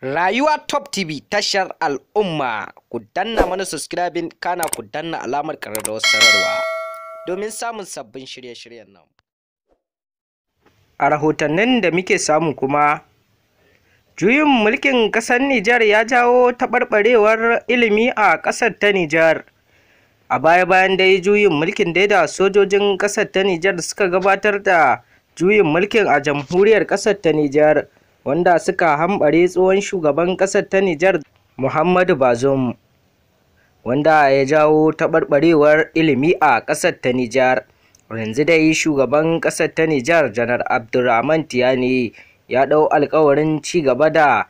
Rayuwa Top TV tashar al'umma ku danna mana subscribing kana ku danna alamar ƙararrawar sanarwa domin samun sabbin shirye-shiryen nan. A rahotannin da muke samu kuma, juyin mulkin kasar Nijar ya jawo taɓarɓarewar ilimi a ƙasar ta Nijar. A baya-bayan dai juyin mulkin dai da sojojin ƙasar ta Nijar suka gabatar da juyin mulkin a jamhuriyar ƙasar ta Nijar. wanda suka hambare tsohon shugaban ƙasar ta Nijar Muhammadu Bazoum wanda ya jawo taɓarɓarewar ilimi a ƙasar ta Nijar. Yanzu dai shugaban ƙasar ta Nijar Janar Abdulrahman Tiani ya ɗau alkawarin ci gaba da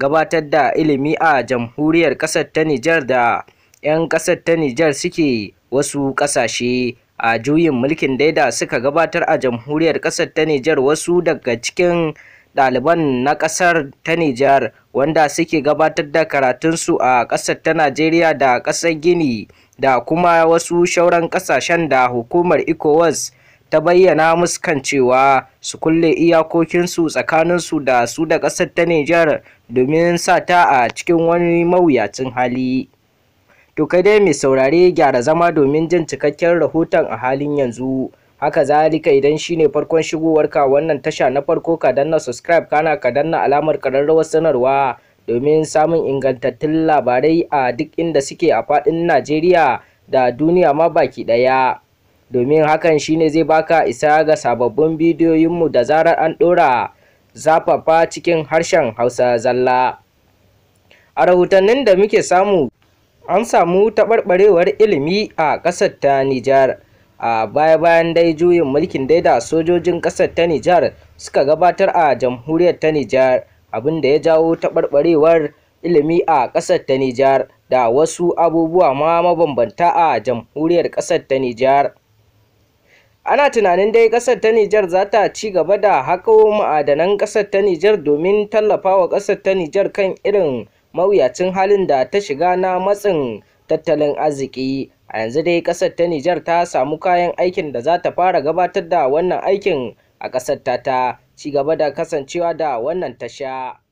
gabatar da ilimi a jamhuriyar ƙasar ta Nijar da 'yan ƙasar ta Nijar suke wasu ƙasashe a juyin mulkin daida suka gabatar a jamhuriyar ƙasar ta Nijar wasu daga cikin ɗaliban na ƙasar ta Nijar wanda suke gabatar da karatunsu a ƙasar ta Najeriya da ƙasar Gini da kuma wasu shauran ƙasashen da hukumar ECOWAS ta bayyana musu cewa su kulle iyakokinsu tsakaninsu da su da ƙasar ta Nijar domin sa ta a cikin wani mawuyacin hali. To kai dai mai saurare gyara zama domin jin cikakken rahoton a halin yanzu. haka zalika idan shine farkon shigowarka wannan tasha na farko ka danna subscribe kana ka danna alamar kararrawar sanarwa domin samun ingantattun labarai a duk inda suke a faɗin Najeriya da duniya ma baki ɗaya domin hakan shine zai baka isa ga sababbin bidiyoyinmu da zarar an ɗora zafafa cikin harshen Hausa zalla a rahotannin da muke samu an samu taɓarɓarewar ilimi a ƙasar ta Nijar a baya-bayan dai juyin mulkin dai da sojojin ƙasar ta Nijar suka gabatar a jamhuriyar ta Nijar abin da ya jawo taɓarɓarewar ilimi a ƙasar ta Nijar da wasu abubuwa ma mabambanta a jamhuriyar ƙasar ta Nijar. Ana tunanin dai ƙasar ta Nijar za ta ci gaba da haƙo ma'adanan ƙasar ta Nijar domin tallafawa ƙasar ta Nijar kan irin mawuyacin halin da ta shiga na matsin tattalin arziki a yanzu dai ƙasar ta Nijar ta samu kayan aikin da za ta fara gabatar da wannan aikin a kasar ta ta ci gaba da kasancewa da wannan tasha